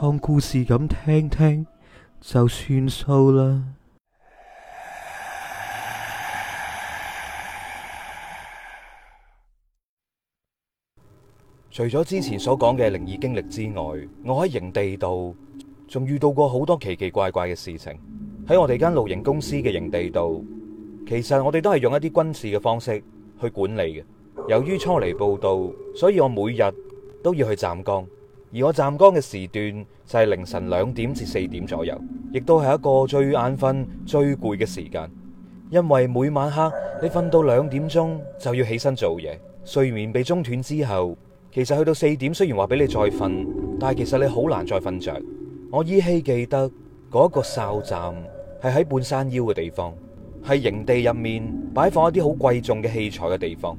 當故事咁聽聽就算數啦。除咗之前所講嘅靈異經歷之外，我喺營地度仲遇到過好多奇奇怪怪嘅事情。喺我哋間露營公司嘅營地度，其實我哋都係用一啲軍事嘅方式去管理嘅。由於初嚟報道，所以我每日都要去站崗。而我站崗嘅時段就係凌晨兩點至四點左右，亦都係一個最眼瞓、最攰嘅時間。因為每晚黑你瞓到兩點鐘就要起身做嘢，睡眠被中斷之後，其實去到四點雖然話俾你再瞓，但係其實你好難再瞓着。我依稀記得嗰一個哨站係喺半山腰嘅地方，係營地入面擺放一啲好貴重嘅器材嘅地方，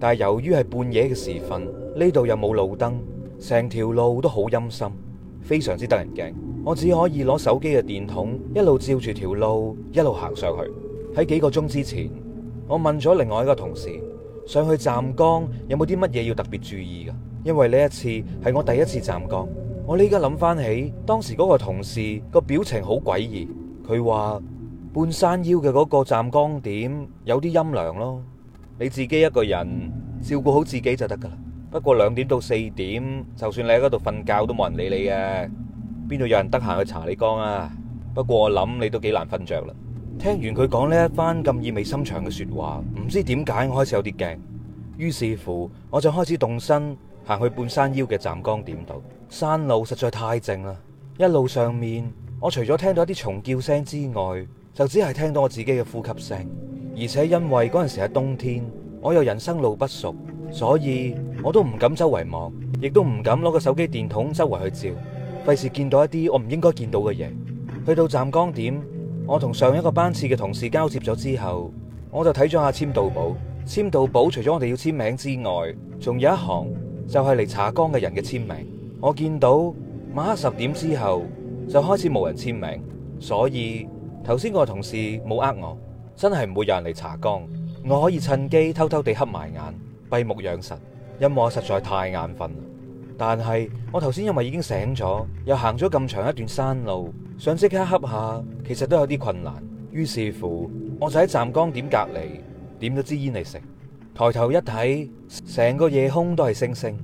但係由於係半夜嘅時分，呢度又冇路燈。成條路都好陰森，非常之得人驚。我只可以攞手機嘅電筒，一路照住條路，一路行上去。喺幾個鐘之前，我問咗另外一個同事，上去站崗有冇啲乜嘢要特別注意噶？因為呢一次係我第一次站崗。我呢家諗翻起當時嗰個同事個表情好詭異，佢話半山腰嘅嗰個站崗點有啲陰涼咯，你自己一個人照顧好自己就得噶啦。不過兩點到四點，就算你喺嗰度瞓覺都冇人理你嘅，邊度有人得閒去查你崗啊？不過我諗你都幾難瞓着啦。聽完佢講呢一番咁意味深長嘅說話，唔知點解我開始有啲驚。於是乎，我就開始動身行去半山腰嘅站崗點度。山路實在太靜啦，一路上面我除咗聽到一啲蟲叫聲之外，就只係聽到我自己嘅呼吸聲。而且因為嗰陣時係冬天，我又人生路不熟。所以我都唔敢周圍望，亦都唔敢攞個手機電筒周圍去照，費事見到一啲我唔應該見到嘅嘢。去到站崗點，我同上一個班次嘅同事交接咗之後，我就睇咗下簽到簿。簽到簿除咗我哋要簽名之外，仲有一行就係嚟查崗嘅人嘅簽名。我見到晚黑十點之後就開始冇人簽名，所以頭先個同事冇呃我，真係唔會有人嚟查崗。我可以趁機偷偷地黑埋眼。閉目養神，因為我實在太眼瞓。但係我頭先因為已經醒咗，又行咗咁長一段山路，想即刻瞌下，其實都有啲困難。於是乎，我就喺站崗點隔離點咗支煙嚟食抬頭一睇，成個夜空都係星星，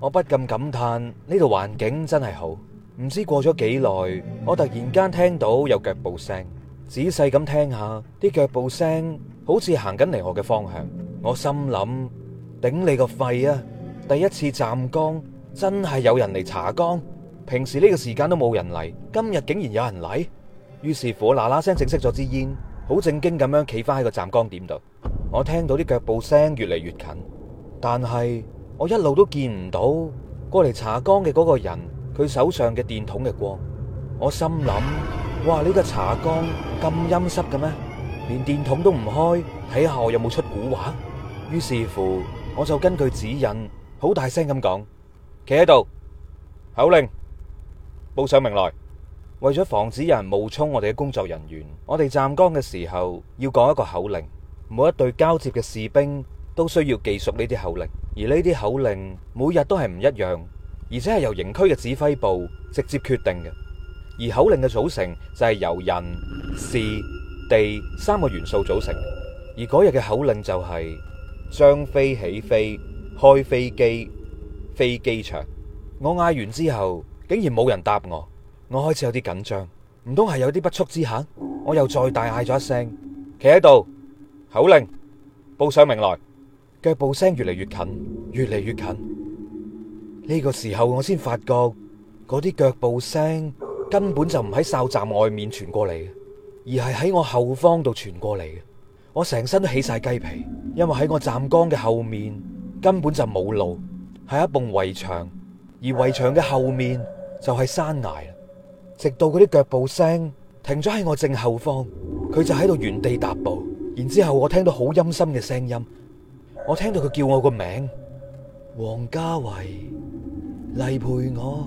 我不禁感嘆，呢度環境真係好。唔知過咗幾耐，我突然間聽到有腳步聲，仔細咁聽下，啲腳步聲好似行緊嚟我嘅方向。我心諗。頂你個肺啊！第一次站崗，真係有人嚟查崗。平時呢個時間都冇人嚟，今日竟然有人嚟。於是乎我，嗱嗱聲整熄咗支煙，好正經咁樣企翻喺個站崗點度。我聽到啲腳步聲越嚟越近，但係我一路都見唔到過嚟查崗嘅嗰個人，佢手上嘅電筒嘅光。我心諗：哇，呢個查崗咁陰濕嘅咩？連電筒都唔開，睇下我有冇出古話。於是乎。我就根據指引，好大聲咁講，企喺度，口令報上名來。為咗防止有人冒充我哋嘅工作人員，我哋站崗嘅時候要講一個口令，每一隊交接嘅士兵都需要記熟呢啲口令，而呢啲口令每日都係唔一樣，而且係由營區嘅指揮部直接決定嘅。而口令嘅組成就係由人、事、地三個元素組成，而嗰日嘅口令就係、是。張飛起飛，開飛機，飛機場。我嗌完之後，竟然冇人答我。我開始有啲緊張，唔通係有啲不速之客？我又再大嗌咗一聲，企喺度，口令報上名來。腳步聲越嚟越近，越嚟越近。呢個時候我先發覺嗰啲腳步聲根本就唔喺哨站外面傳過嚟，而係喺我後方度傳過嚟嘅。我成身都起晒雞皮。因為喺我站崗嘅後面根本就冇路，係一埲圍牆，而圍牆嘅後面就係山崖。直到嗰啲腳步聲停咗喺我正後方，佢就喺度原地踏步。然之後我聽到好陰森嘅聲音，我聽到佢叫我個名：黃家偉、嚟陪我、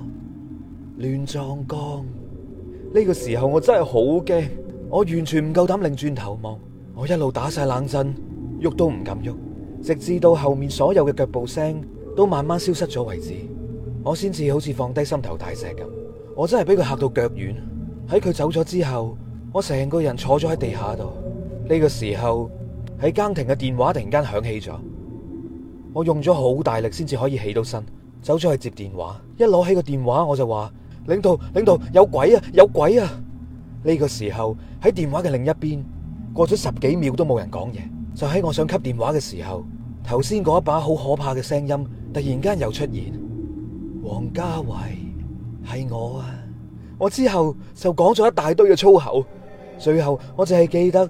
亂葬崗。呢、這個時候我真係好驚，我完全唔夠膽擰轉頭望，我一路打晒冷震。喐都唔敢喐，直至到後面所有嘅腳步聲都慢慢消失咗為止，我先至好似放低心頭大石咁。我真係俾佢嚇到腳軟。喺佢走咗之後，我成個人坐咗喺地下度。呢個時候喺更亭嘅電話突然間響起咗，我用咗好大力先至可以起到身，走咗去接電話。一攞起個電話，我就話，領導領導，有鬼啊，有鬼啊！呢個時候喺電話嘅另一邊過咗十幾秒都冇人講嘢。就喺我想吸電話嘅時候，頭先嗰一把好可怕嘅聲音突然間又出現。黃家偉係我啊！我之後就講咗一大堆嘅粗口，最後我淨係記得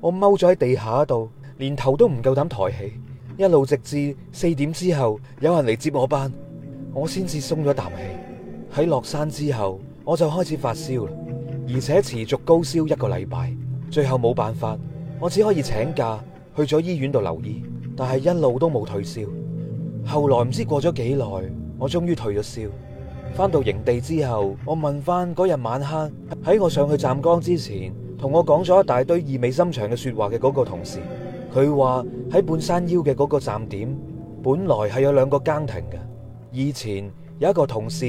我踎咗喺地下度，連頭都唔夠膽抬起，一路直，直至四點之後有人嚟接我班，我先至鬆咗啖氣。喺落山之後，我就開始發燒，而且持續高燒一個禮拜，最後冇辦法，我只可以請假。去咗醫院度留醫，但係一路都冇退燒。後來唔知過咗幾耐，我終於退咗燒。翻到營地之後，我問翻嗰日晚黑喺我上去站崗之前，同我講咗一大堆意味深長嘅說話嘅嗰個同事，佢話喺半山腰嘅嗰個站點本來係有兩個更亭嘅。以前有一個同事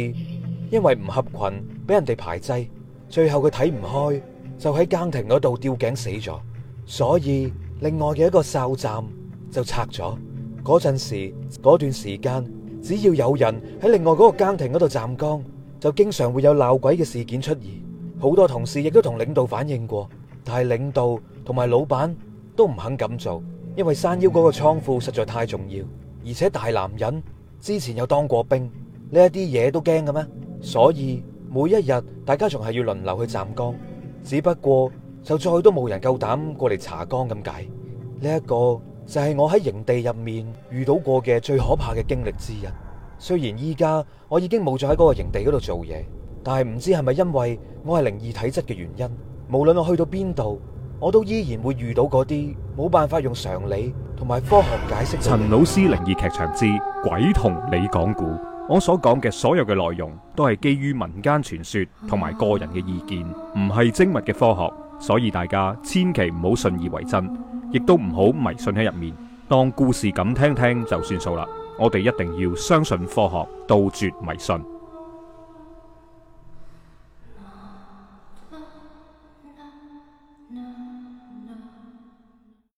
因為唔合群，俾人哋排擠，最後佢睇唔開，就喺更亭嗰度吊頸死咗，所以。另外嘅一個哨站就拆咗，嗰陣時嗰段時間，只要有人喺另外嗰個更亭嗰度站崗，就經常會有鬧鬼嘅事件出現。好多同事亦都同領導反映過，但係領導同埋老闆都唔肯咁做，因為山腰嗰個倉庫實在太重要，而且大男人之前又當過兵，呢一啲嘢都驚嘅咩？所以每一日大家仲係要輪流去站崗，只不過。就再都冇人夠膽過嚟查崗，咁解。呢一個就係我喺營地入面遇到過嘅最可怕嘅經歷之一。雖然依家我已經冇咗喺嗰個營地嗰度做嘢，但係唔知係咪因為我係靈異體質嘅原因，無論我去到邊度，我都依然會遇到嗰啲冇辦法用常理同埋科學解釋。陳老師靈異劇場之鬼同你講古，我所講嘅所有嘅內容都係基於民間傳說同埋個人嘅意見，唔係精密嘅科學。所以大家千祈唔好信以為真，亦都唔好迷信喺入面，當故事咁聽聽就算數啦。我哋一定要相信科學，杜絕迷信。